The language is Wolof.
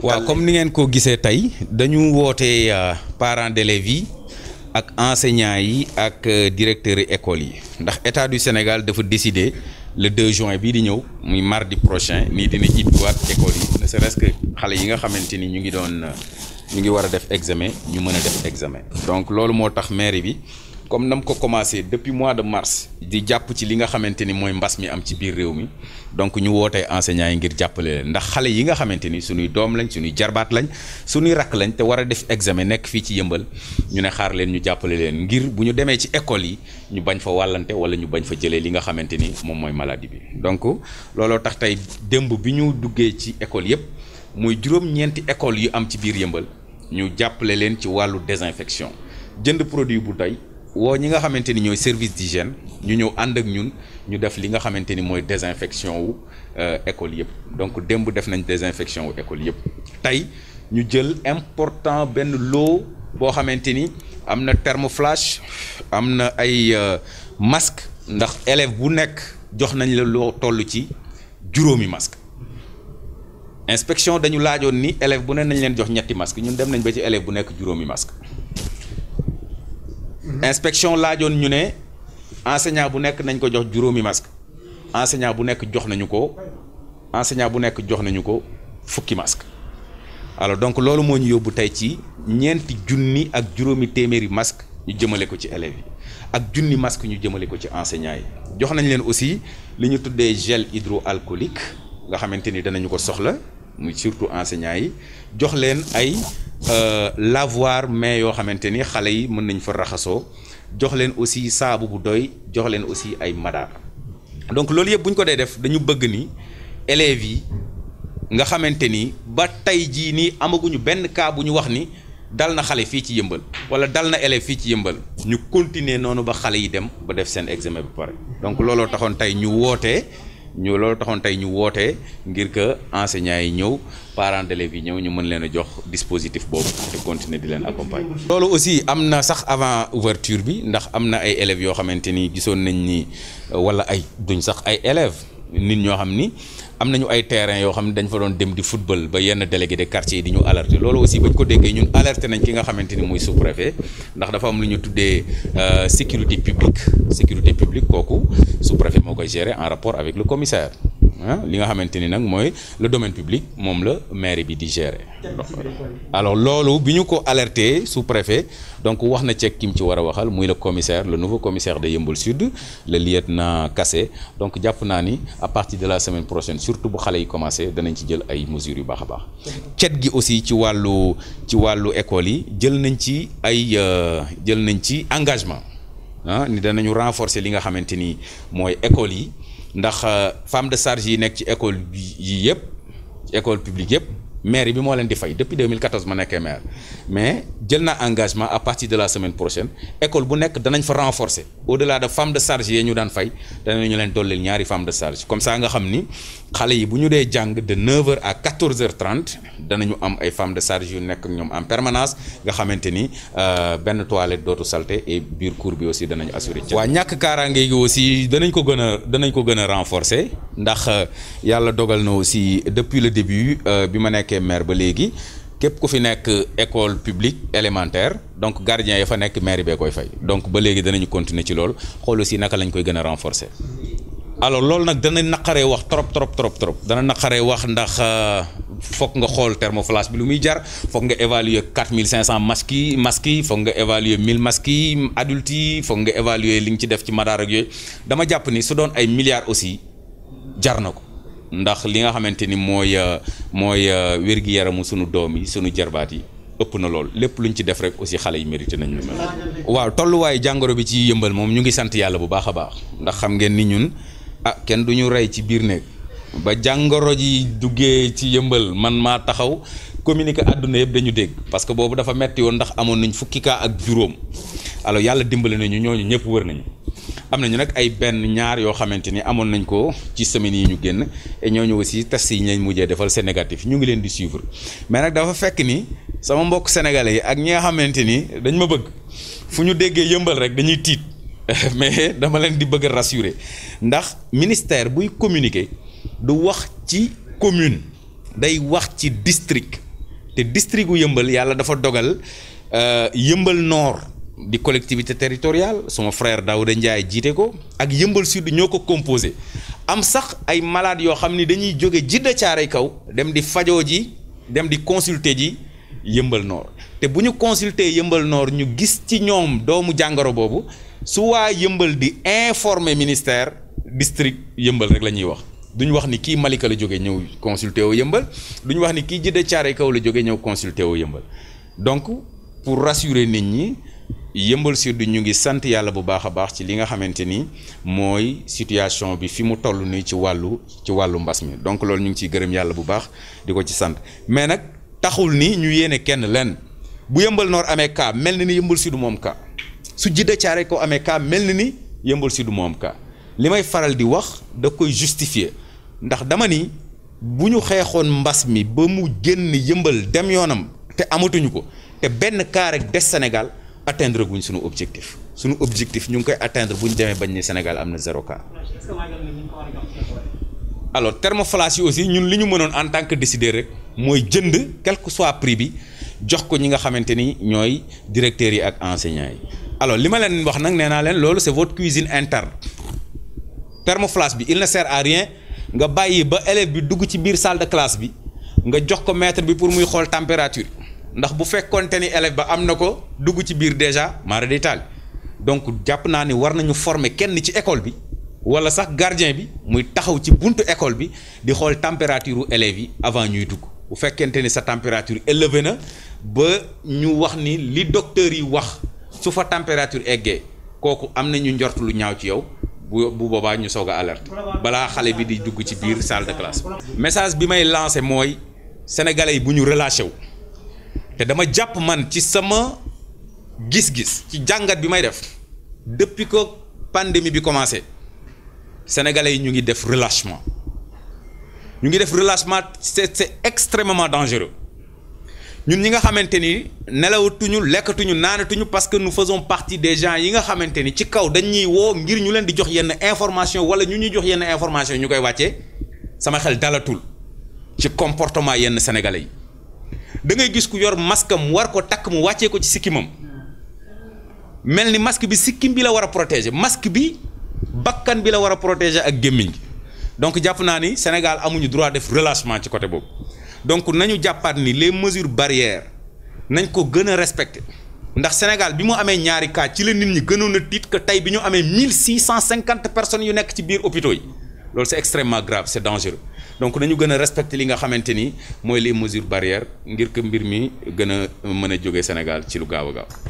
waaw comme ni ngeen ko gisee tey dañu wootee euh, parents d'élèves yi ak enseignants yi ak euh, directeur yi écoles yi ndax état du Sénégal dafa décider le 2 juin bii di ñëw muy mardi prochain nii dina ibbiwaat écoles yi ne serait-ce que xale yi nga xamante ni ñu ngi doon euh, ñu ngi war a def examen ñu mën a def examen donc loolu moo tax mairie bi. comme na nam ko commencé depuis mois de mars di jàpp ci li nga xamante ni mooy mbas mi am ci biir réew mi donc ñu wootee enseignants yi ngir jàppale leen ndax xale yi nga xamante ni suñuy doom lañ suñuy jarbaat lañ suñuy rakk lañ te war a def examen nekk fii ci yëmbal ñu ne xaar leen ñu jàppale leen ngir bu ñu demee ci école yi ñu bañ fa wàllante wala ñu bañ fa jëlee li nga xamante ni moom mooy maladie bi donc looloo tax tey démb bi ñu duggee ci école yëpp muy juróom école yu am ci biir yëmbal ñu jàppale leen ci wàllu désinfection jënd produit bu doy woo ñi nga xamante ni ñooy service di d'hygiène ñu ñëw ànd ak ñun ñu def li nga xamante ni mooy désinfection wu euh, école yëpp donc démb def nañ désinfection wu école yëpp tey ñu jël important benn lot boo xamante ni am na thermoflash am na ay euh, masque ndax élève bu nekk jox nañ la loo toll ci juróomi masque inspection dañu laajoon ni élève bu ne nañ leen jox ñetti masque ñun dem nañ ba ci élève bu nekk juróomi masque Mhm. inspection laajoon ñu ne enseignant bu nekk nañ ko jox juróomi masque enseignant bu nekk jox nañu ko enseignant bu nekk jox nañu ko fukki masque alors donc loolu moo ñu yóbbu tey ci ñeenti junni ak juróomi téeméeri masque ñu jëmale ko ci élèves yi ak junni masque ñu jëmale ko ci enseignants yi jox nañ leen aussi li ñu tuddee gel hydroalcoolique nga xamante ni danañu ko soxla muy surtout enseignants yi jox leen ay Euh, lavoir mais yoo xamante ni xale yi mën nañ fa raxasoo jox leen aussi saabu bu doy jox leen aussi ay madaar donc loolu yëpp bu ñu ko dee def dañu bëgg ni élèves yi nga xamante ni ba tey jii nii amaguñu benn cas bu ñu wax ni dal na xale fii ci yëmbal wala dal na élève fii ci yëmbal ñu continuer noonu ba xale yi dem ba def seen examen bu pare donc looloo taxoon tey ñu wootee ñu loolu taxoon tey ñu wootee ngir que enseignants yi ñëw parents d'élèves yi ñëw ñu mën leen a jox dispositif boobu te continuer di leen accompagner. loolu aussi am na sax avant ouverture bi ndax am na ay élèves yoo xamante ni gisoon nañ ni wala ay duñ sax ay élèves. nit ñoo xam ni am nañu ay terrain yoo xam ne dañ fa doon dem di football ba yenn délégué de quartier yi di ñu alerter loolu aussi bañ ko déggee ñun alerter nañ ki nga xamante ni muy sous-préfet ndax dafa am lu ñu tuddee euh, sécurité publique sécurité publique kooku sous-préfet moo koy gérer en rapport avec le commissaire li nga xamante ni nag mooy le domaine public moom la maire bi di gérer. alors loolu bi ñu ko alerté sous préfet donc wax na ceeg ki mu ci war a waxal muy la commissaire le nouveau commissaire de Yeumbeul Sud le na Kassé donc jàpp naa ni à partir de la semaine prochaine surtout bu xale yi commencé danañ ci jël ay mesures yu baax a baax. cet gi aussi ci wàllu ci wàllu école yi jël nañ ci ay euh, jël nañ ci engagement ah ni danañu renforcé li nga xamante ni mooy école yi. ndax euh, femme de charge yi nekk ci école yi yëpp école publique yëpp maire bi moo leen di fay depuis 2014 ma nekkee maire mais jël naa engagement à partir de la semaine prochaine école bu nekk danañ fa renforcer au delà de femme de charge yi ñu daan fay danañu leen dollil ñaari femme de charge comme ça nga xam ni xale yi bu ñu dee jàng de 9h à 14h30 danañu am ay femme de charge yu nekk ak ñoom en permanence nga xamante ni euh, benn toilette dootu salté et biir cour bi aussi danañu assurer. waa ñàkk kaaraange gi aussi danañ ko gën a danañ ko gën a renforcer ndax euh, yàlla dogal na aussi depuis le début euh, bi ma nekk nekkee maire ba léegi képp ku fi nekk école publique élémentaire donc gardien ya fa nekk maire bee koy fay donc ba léegi danañu continuer ci lool xool aussi naka lañ koy gën a renforcer. alors loolu nag dana naqaree wax trop trop trop trop dana naqaree wax ndax euh, foog nga xool thermoflash bi lu muy jar foog nga évaluer 4500 masques yi masques yi foog nga évaluer 1000 masques yi adultes yi foog nga évaluer li nga ci def ci madaar ak yooyu dama jàpp ni su doon ay milliards aussi jar na ko. ndax li nga xamante ni mooy euh, mooy euh, wér-gi-yaramu sunu doom yi sunu jarbaat yi ëpp na lool lépp luñ ci def rek aussi xale yi mérité nañ lu mel waaw tolluwaayu jàngoro bi ci yëmbal moom ñu ngi sant yàlla bu baax a baax ndax xam ngeen ni ñun ah kenn du ñu rey ci biir néeg ba jàngoro ji duggee ci yëmbal man maa taxaw communiqué àdduna yëpp dañu dégg parce que boobu dafa metti woon ndax amoon nañ fukki kaa ak juróom alo yàlla dimbali nañu ñooñu ñëpp wër nañu am nañu nag ay benn ñaar yoo xamante ni amoon nañ ko ci semaines yi ñu génn ñoo ñooñu aussi test yi lañ mujjee defal c'est négatif ñu ngi leen di suivre mais nag dafa fekk ni sama mbokk sénégalais yi ak ñi nga xamante ni dañ ma bëgg fu ñu déggee yëmbal rek dañuy tiit mais dama leen di bëgg a rassurer ndax ministère buy communiquer du wax ci commune day wax ci district te district gu yëmbal yàlla dafa dogal euh, yëmbal noor di collectivité territoriale sama frère Daouda Ndiaye jiite ko ak Yëmbal Sud ñoo ko composé am sax ay malades yoo xam ni dañuy jóge Jidda Caaray Kaw dem di fajoo ji dem di consulter ji Yëmbal noor te bu ñu consulter Yëmbal noor ñu gis ci ñoom doomu jàngoro boobu su waa Yëmbal di informer ministère district Yëmbal rek la ñuy wax duñ wax ni kii Malika la jóge ñëw consulter woo Yëmbal duñ wax ni kii Jidda Caaray Kaw la jóge ñëw consulter woo Yëmbal donc pour nit ñi Yeumbeul Sud ñu ngi sant yàlla bu baax a baax ci li nga xamante ni mooy situation bi fi mu toll nii ci wàllu ci wàllu mbas mi donc loolu ñu ngi ciy gërëm yàlla bu baax di ko ci sant mais nag taxul ni ñu yéene kenn lenn bu yëmbal Nord amee cas mel na ni Yeumbeul Sud moom cas su Djidda Thiaroye Kao amee cas mel na ni Yeumbeul Sud moom cas li may faral di wax da koy justifier ndax dama ni bu ñu xeexoon mbas mi ba mu génn yëmbal dem yoonam te amatuñu ko te benn cas rek des Sénégal. atteindre guñ suñu objectif suñu objectif ñu ngi koy atteindre bu ñu demee bañ ni Sénégal am na zéro cas alors thermoflash yi aussi ñun li ñu mënoon en tant que décideur rek mooy jënd quel que soit prix bi jox ko ñi nga xamante ni ñooy directeurs yi ak enseignants yi alors li ma leen wax nag nee naa leen loolu c'est votre cuisine interne thermoflash bi il ne sert à rien nga bàyyi ba élève bi dugg ci biir salle classe bi nga jox ko maître bi pour muy xool température ndax bu fekkoonte ni élève ba am na ko dugg ci biir déjà mara day taal donc jàpp naa ni war nañu former kenn ci école bi wala sax gardien bi muy taxaw ci buntu école bi di xool température u élèves yi avant ñuy dugg bu fekkente ni sa température élevée na ba ñu wax ni li docteur yi wax su fa température eggee kooku am na ñu njort lu ñaaw ci yow bu boobaa ñu soog a alerte balaa xale bi di dugg ci biir salle de classe message bi may lancé mooy sénégalais yi bu ñu relâché wu te dama jàpp man ci sama gis-gis ci jàngat bi may def depuis que pandémie bi commencé sénégale yi ñu ngi def relâchement ñu ngi def relâchement c'est c'est extrêmement dangereux ñun ñi nga xamante ni nelawatuñu lekkatuñu naanatuñu parce que nous façons partie des gens yi nga xamante ni ci kaw dañuy woo ngir ñu leen di jox yenn information wala ñu ñuy jox yenn information ñu koy wàccee sama xel dalatul ci comportement yenn sénégalais yi. da ngay gis ku yor masque am war ko takk mu wàccee ko ci sikkimam mel ni masque bi sikkim bi la war a protéger masque bi bakkan bi la war a protéger ak gémmiñ gi donc jàpp naa ni Sénégal amuñu droit def relâchement ci côté boobu donc nañu jàppaat ni les mesures barrières nañ ko gën a respecter ndax Sénégal bi mu amee ñaari cas ci la nit ñi gënoon a tiit que tey bi ñu amee mille six cent cinquante personnes yu nekk ci biir hôpitaux yi loolu c'est extrêmement grave c'est dangereux donc nañu gën a respecter li nga xamante ni mooy les mesures barrières ngir que mbir mi gën a mën a jógee Sénégal ci lu gaaw a gaaw.